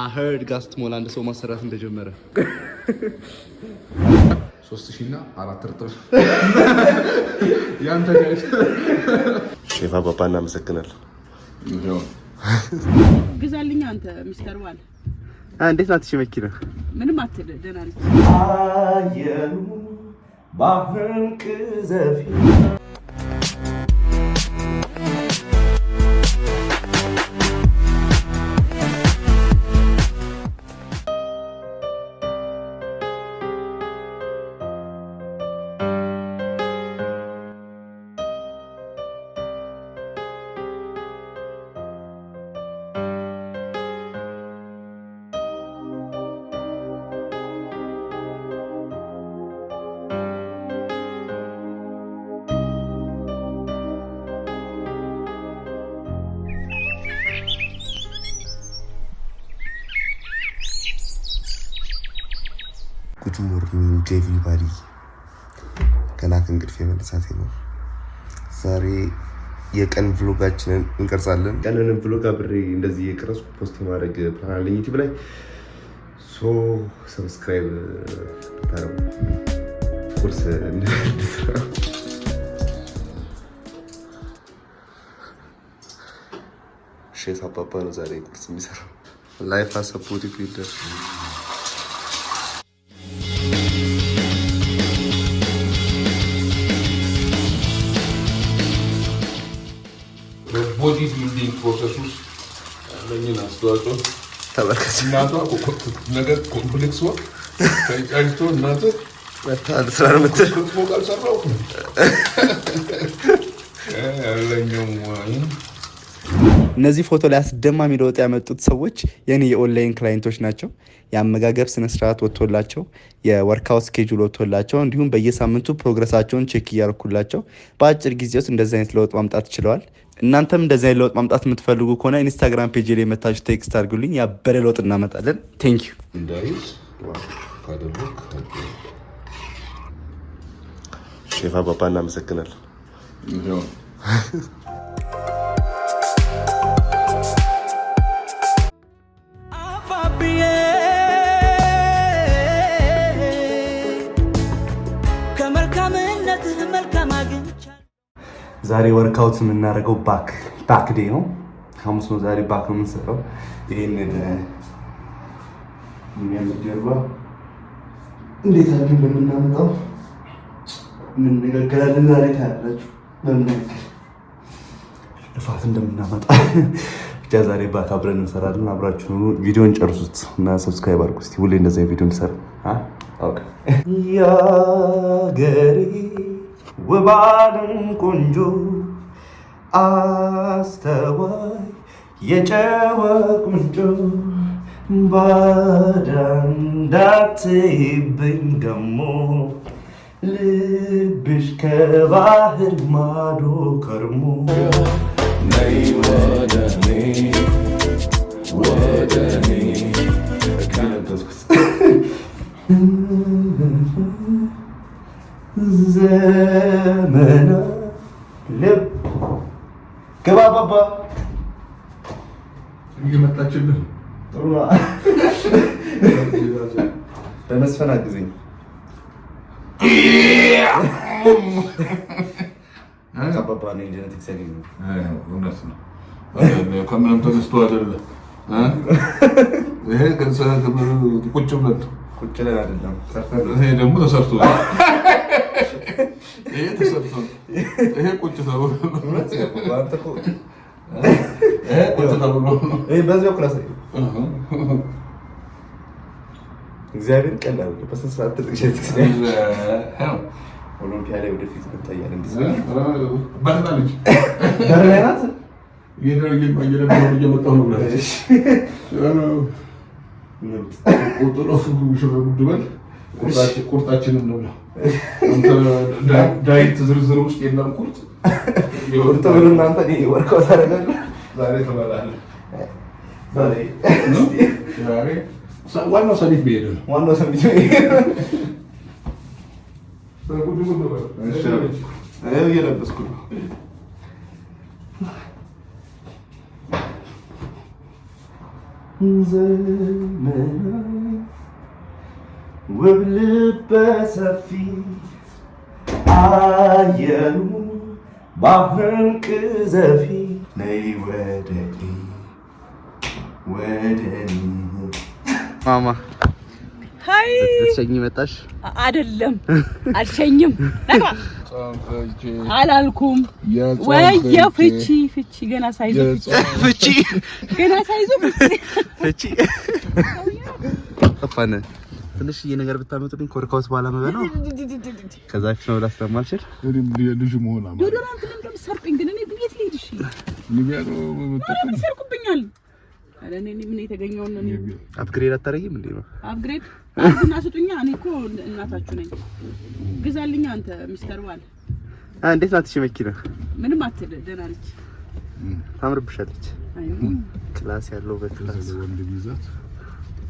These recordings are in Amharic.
አህድ ጋር ስትሞላ አንድ ሰው ማሰራት እንደጀመረ ሶስት ሺህ እና አራት እርጥብ ያንተ ጋር ሼፋ ባባ እናመሰግናለን። ግዛልኛ አንተ ሚስተር ዋል እንዴት ናት? እሺ መኪና ምንም አትል ደህና ነች። አየሩ ባህርን ቅዘፊ ቱ ሞርኒንግ ኤቭሪባዲ ከላክ ከእንቅልፍ የመነሳት ነው። ዛሬ የቀን ብሎጋችንን እንቀርጻለን። ቀንንም ብሎግ አብሬ እንደዚህ የቀረጽኩ ፖስት ማድረግ ፕላን አለኝ ዩቲዩብ ላይ ሶ ሰብስክራይብ ታረጉ ቁርስ ሼፍ አባባ ነው ዛሬ ቁርስ የሚሰራው ላይፍ አሰፖርት ቢልደር ሞዲድ ቢልዲንግ ፕሮሰስ ውስጥ ያለኝን አስተዋጽኦ ተመልከቱ። እናቷ ነገር ኮምፕሌክስ ወር ተጫጭቶ እናት ስራ ምትል ሞቃል ሰራው ያለኛው እነዚህ ፎቶ ላይ አስደማሚ ለውጥ ያመጡት ሰዎች የኔ የኦንላይን ክላይንቶች ናቸው። የአመጋገብ ስነስርዓት ወጥቶላቸው፣ የወርካውት ስኬጁል ወጥቶላቸው እንዲሁም በየሳምንቱ ፕሮግረሳቸውን ቼክ እያርኩላቸው በአጭር ጊዜ ውስጥ እንደዚህ አይነት ለውጥ ማምጣት ችለዋል። እናንተም እንደዚህ አይነት ለውጥ ማምጣት የምትፈልጉ ከሆነ ኢንስታግራም ፔጅ ላይ የመታችሁ ቴክስት አድርጉልኝ። ያበደ ለውጥ እናመጣለን። ቴንክ ዩ ሼፋ ባባ እናመሰግናለን። ዛሬ ወርካውት የምናደርገው ባክ ባክ ዴ ነው። ሐሙስ ነው ዛሬ ባክ ነው የምንሰራው። ይህንን የሚያምር ጀርባ እንዴት አድርገን እንደምናመጣው እንነጋገራለን። ዛሬ ታያላችሁ በምናገር ልፋት እንደምናመጣ ብቻ። ዛሬ ባክ አብረን እንሰራለን። አብራችሁ ሁኑ። ቪዲዮን ጨርሱት እና ሰብስክራይብ አድርጉ። እስኪ ሁሌ እንደዚያ ቪዲዮ እንሰራ ያገሬ ውባልን ቁንጆ ቆንጆ አስተዋይ የጨዋ ቁንጮ ባዳ ደሞ ልብሽ ከባህር ማዶ ከርሞ ነይ ዘመና ልብ ገባ አባባ እየመጣችልህ በመስፈን አግዘኝ። አባባ ጀነቲክስ ያገኘ እውነት ነው። ከምንም ተነስቶ አይደለም። ይሄ ቁጭ ብለን ቁጭ ብለን አይደለም። ይሄ ደግሞ ተሰርቶ ይሄ ተሰብሰብ፣ ይሄ ቁጭ ተብሎ በዚህ በኩል አሳይ። እግዚአብሔር ቀላል በስንት ሰዓት ትልቅ ኦሎምፒያ ላይ ወደፊት እንታያለን። እንዲህ ቁርጣችንን እንብላ። ዳይት ዝርዝር ውስጥ የለም ቁርጥ። ቁርጥ ምን እናንተ ወርቀውት አደረገ። ዛሬ ትበላለህ። ዋናው ሰሚት መሄድ ነው። ዋናው ሰሚት መሄድ እየለበስኩ ነው። ዘመና ውብ ልበ ሰፊ አየሩ ባህርን ቅዘፊ ነይ ወደኔ ወደኔ ማማ ሀይ ልትሸኝ መጣሽ? አይደለም አልሸኝም። አላልኩም ወየ ፍቺ ፍቺ ገና ሳይዞ ፍቺ ገና ሳይዞ ፍቺ ፍቺ ጠፋን ትንሽዬ ነገር ብታመጡልኝ ኮርካውስ በኋላ መበላ ከዛ ፊት መብላት ስለማልችል ልጁ መሆን ዶዶራንት ለምደም ሰርቁኝ። ግን እኔ ቤት ልሄድ እሺ፣ ይሰርቁብኛል። ምን የተገኘውን አፕግሬድ አታረጊም እንዴ? ነው አፕግሬድ እና ስጡኛ። እኔ እኮ እናታችሁ ነኝ። ግዛልኛ አንተ ሚስተር ባል። እንዴት ናት? እሺ መኪና ምንም አትል፣ ደህና ነች፣ ታምርብሻለች። ክላስ ያለው በክላስ ወንድ ቢዛት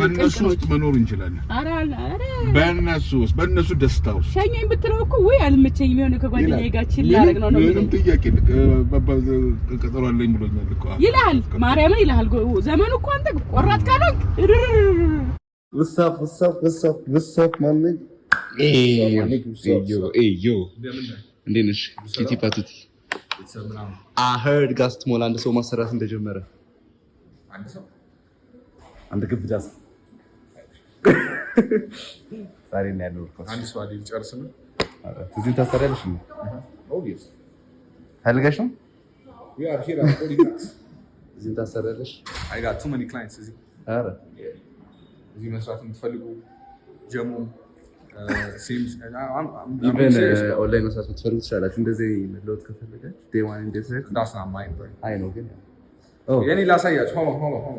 በእነሱ ውስጥ መኖር እንችላለን። በእነሱ ውስጥ በእነሱ ደስታ ውስጥ ሸኘኝ ብትለው እኮ ወይ አልመቸኝም የሆነ ከጓደኛዬ ጋር ችላ አደረግ ነው ምንም ጥያቄ ቀጠሮ አለኝ ብሎኛል እኮ ይልሃል። ማርያምን ይልሃል። ዘመኑ እኮ አንተ ቆራጥ ካልሆንክ ውሳፍ ውሳፍ ውሳፍ ውሳፍ ማለት እንዴት አንድ ሰው ማሰራት እንደጀመረ አንተ ግብዳ ዛሬ ነው ያለው አንድ ሰው አይደል ጨርስ ነው እዚህ ታሰሪያለሽ ነው ኦብቪየስ ፈልገሽ ነው we are here at Polycat እዚህ ታሰሪያለሽ አይ ጋት ቱ ማኒ ክላይንትስ እዚህ አረ እዚህ መስራት የምትፈልጉ ጀሙ ኦንላይን uh, uh, መስራት የምትፈልጉ ትችላላችሁ እንደዚህ ለውጥ ከፈለጋችሁ ዴይ ዋን ማይ አይ ነው ግን የኔ ላሳያችሁ ሆሞ ሆሞ ሆሞ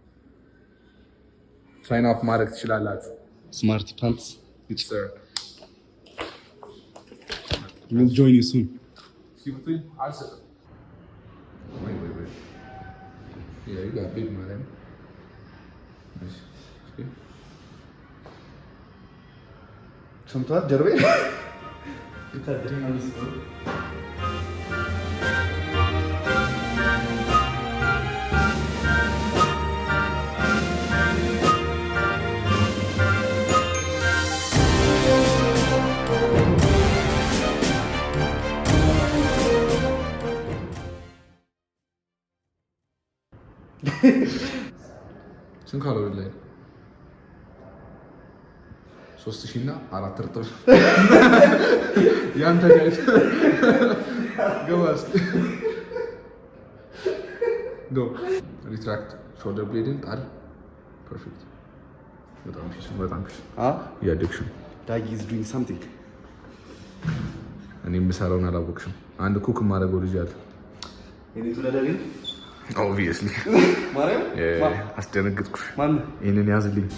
Sign up marketçiler lazım. Smart pants. Yes, sir. We'll join you soon. See what we answer. Wait, wait, wait. Yeah, you got big money. Nice. Okay. Sometimes, Jarvis. you got three money, bro. ስንት ካሎሪ ላይ ሶስት ሺህ እና አራት እርጥብ ያንተ ጋይት ሪትራክት ሾልደር ብሌድን ጣል። ፐርፌክት። እያደግሽው ሳምቲንግ። እኔ የምሰራውን አላወቅሽም። አንድ ኩክ የማደርገው ልጅ አለ ኦብቪየስሊ አስደነግጥኩሽ። ይህንን ያዝልኝ።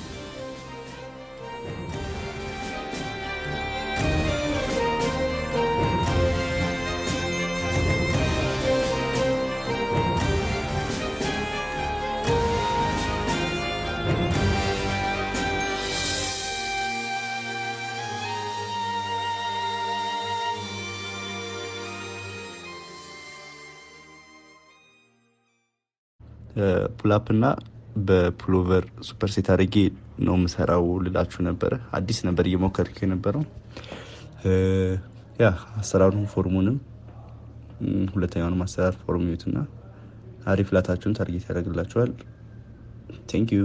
ፑላፕና እና በፑሎቨር ሱፐርሴት አድርጌ ነው የምሰራው ልላችሁ ነበረ። አዲስ ነበር እየሞከርኩ የነበረው ያ አሰራሩን ፎርሙንም ሁለተኛውንም አሰራር ፎርም ዩትና አሪፍ ላታችሁን ታርጌት ያደርግላችኋል። ቴንክ ዩ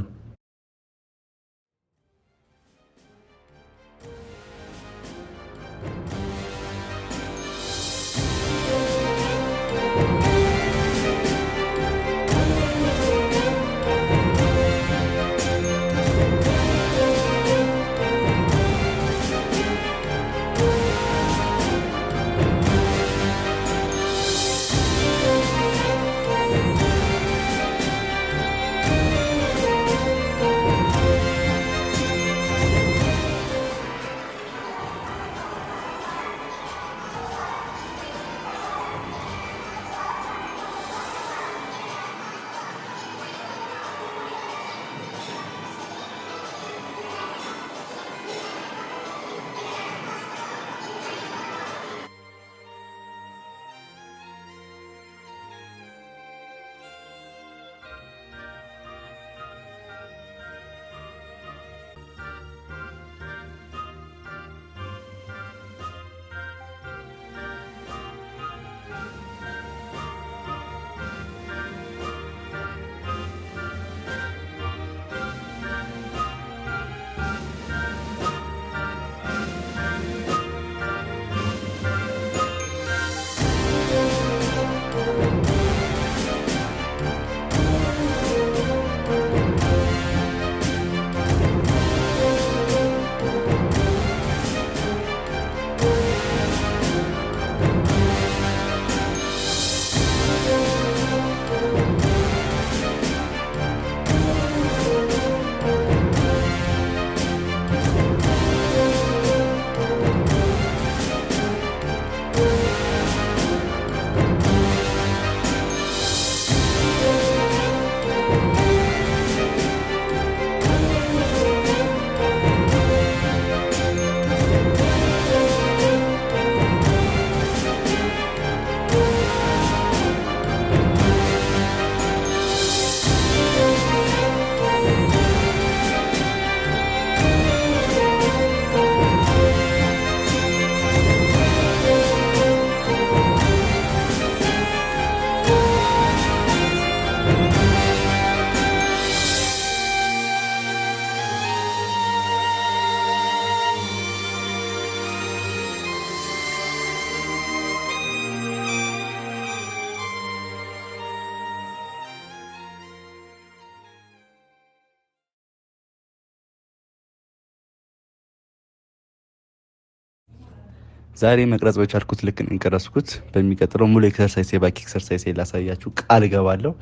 ዛሬ መቅረጽ በቻልኩት ልክ እንቀረስኩት በሚቀጥለው ሙሉ ኤክሰርሳይስ የባክ ኤክሰርሳይስ ላሳያችሁ ቃል እገባለሁ።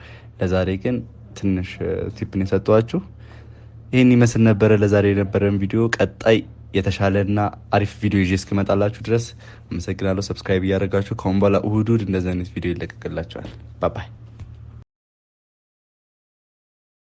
ለዛሬ ግን ትንሽ ቲፕን የሰጠኋችሁ ይህን ይመስል ነበረ። ለዛሬ የነበረን ቪዲዮ ቀጣይ የተሻለና አሪፍ ቪዲዮ ይዤ እስክመጣላችሁ ድረስ አመሰግናለሁ። ሰብስክራይብ እያደረጋችሁ ከአሁን በኋላ እሁድ እሁድ እንደዚህ አይነት ቪዲዮ ይለቀቅላችኋል። ባባይ